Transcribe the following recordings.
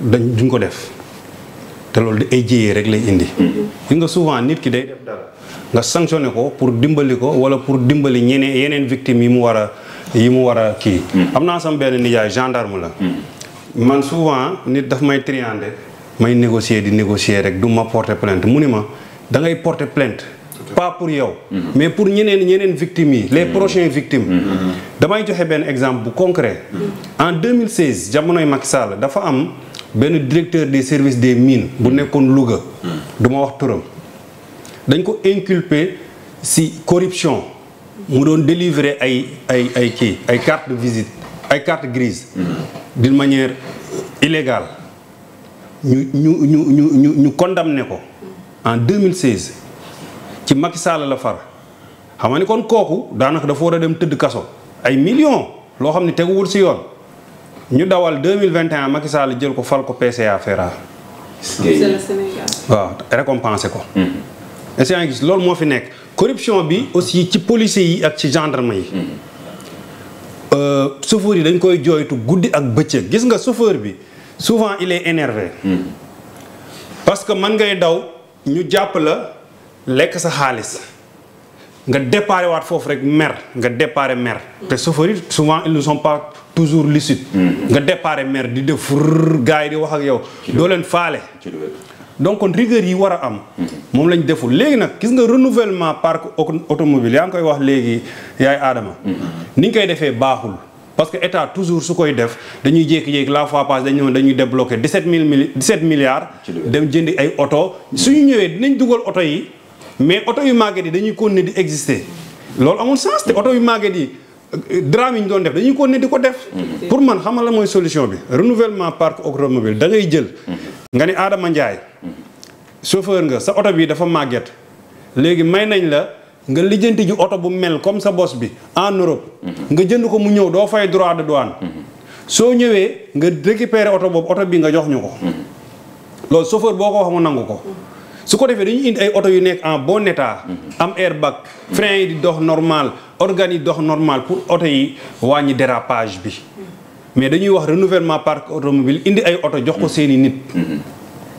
dañ duñ ko def te loolu di ay jiyee rek lay indi. li mm-hmm. nga souvent nit ki day def dara nga sanctionné ko pour dimbali ko wala pour dimbali ñeneen yeneen victimes yi mu war a yi mu war a kii. Mm-hmm. am naa sama benn nijaay gendarme la. Mm-hmm. man souvent nit dafa may triander may négocier di négocier rek du ma porter plainte mu ni ma dangay ngay porter plainte. pas pour yow. mais pour ñeneen ñeneen victimes yi. les prochaines victimes. damay joxe benn exemple bu concret. en 2016 jamonoy Macky Sall dafa am. benn directeur des service des mines bu nekkoon Louga duma wax turam dañ ko inculpé si corruption mu doon délivrer ay ay ay kii ay carte de visite ay carte grise mm-hmm. d'une manière illégale ñu ñu ñu ñu ñu ñu condamné ko en 2016 ci Macky Sall la far xam nga ni kon kooku daanaka dafoo war a dem tëdd kaso ay millions loo xam ne teguwul si yoon ñu dawal 2021 Macky Sall jël ko fal ko PCA Ferra. waaw récompensé ko. Mm. est-ce loolu moo fi nekk corruption bi aussi ci policiers yi ak ci gendarme yi. Mm. Euh, chauffeur yi dañ koy jooytu guddi ak bëccëg gis nga chauffeur bi souvent il est énervé. Mm. parce que man ngay daw ñu jàpp la lekk sa xaalis. nga déparé waat foofu rek mer nga déparé mer. te chauffeur souvent ils ne toujours lucide. Mm-hmm. nga déparé mer di def gars yi di wax ak doo leen faale. donc kon rigueur yi war a am. Mm-hmm. moom lañ deful léegi nag gis nga renouvellement parc automobile yaa ngi koy wax léegi yaay Adama. Mm-hmm. ni ñu koy defee baaxul. parce que état toujours su koy def dañuy jékki-jékki la fois passée dañu dañuy débloqué 17 mille mili 17 milliards. dem jëndi ay oto. suñu ñëwee dinañ dugal oto yi mais oto yu màgget yi dañuy continuer di exister. loolu amul sens te oto yu màgget yi. drame yi ñu doon def dañuy ko ne di ko def. Mhm. pour man xamal la mooy solution bi renouvellement parc automobile da ngay jël. Mhm. nga ni Adama Ndiaye. Mhm. chauffeur nga sa oto bi dafa màgget léegi may nañ la nga lijjanti ji oto bu mel comme sa bos bi en Europe. nga jënd ko mu ñëw doo fay droit de douane. soo ñëwee nga récupérer oto boobu oto bi nga jox ñu ko. loolu chauffeur boo ko wax nangu ko. su ko defee dañuy indi ay oto yu nekk en bon état. Mhm. am airbag frein yi di dox normal organes yi dox normal pour oto yi wàññi dérapage bi mhm. mais dañuy wax renouvellement parc automobile indi ay oto jox ko mhm. seeni nit.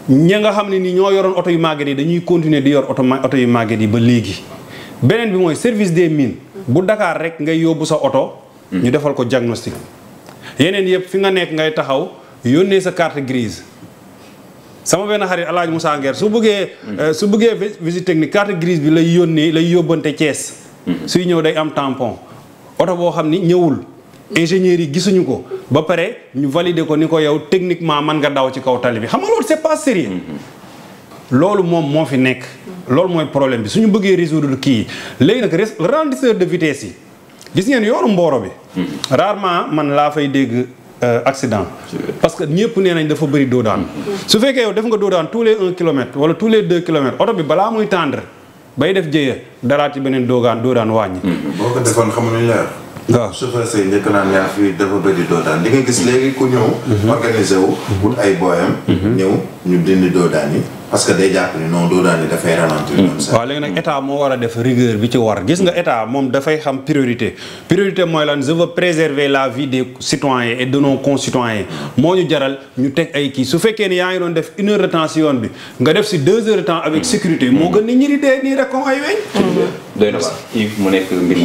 ña nga xam ne ni ñoo yoroon oto yu màgget yi dañuy continuer di yor oto oto yu màgget yi ba léegi beneen bi mooy service des mines bu dakaar rek ngay yóbbu sa oto. ñu defal ko diagnostic yeneen yëpp fi nga nekk ngay taxaw yónnee sa carte grise. sama benn xarit alaaj Hadj Moussa Nguer su bëggee. Euh, su bëggee visite technique carte grise bi lay yónnee lay yóbbante cees mhm. suy ñëw day am tampon oto boo xam ni ñëwul. ingénieurs yi gisuñu ko ba pare ñu valider ko ni ko yow techniquement man nga daw ci kaw tali bi xam nga loolu c'est pas sérieux mhm. loolu moom moo fi nekk. loolu mooy problème bi suñu bëggee résoudre kii léegi nag res ralentisseur de vitesse yi gis ngeen yoonu mbooro bi. Mhm. rarement man laa fay dégg Euh, accident parce que ñëpp nee nañ dafa bëri doo daan su fekkee yow def nga doo daan tous les un kilomètre wala tous les deux kilomètres oto bi balaa muy tendre bay def jéye daraat ci beneen doogaan doo daan wàññi. Hmm. boo ko defoon xamuñu waaw chauffeur say njëkk naan yaa di nga gis léegi ku ñëw. Mhm. organisé wu. Mhm. wut ay booyam. Mhm. ñu dindi doo parce que day jàpp léegi nag état moo war a def rigueur bi ci war gis nga état moom dafay xam priorité priorité mooy lan je préserver la vie des citoyens et de nos concitoyens moo ñu ñu teg ay kii su fekkee ni yaa ngi doon def une heure de temps si yoon bi nga def si deux heures de temps avec sécurité moo gën nit ñi di dee nii rek comme ay weñ. doy na mu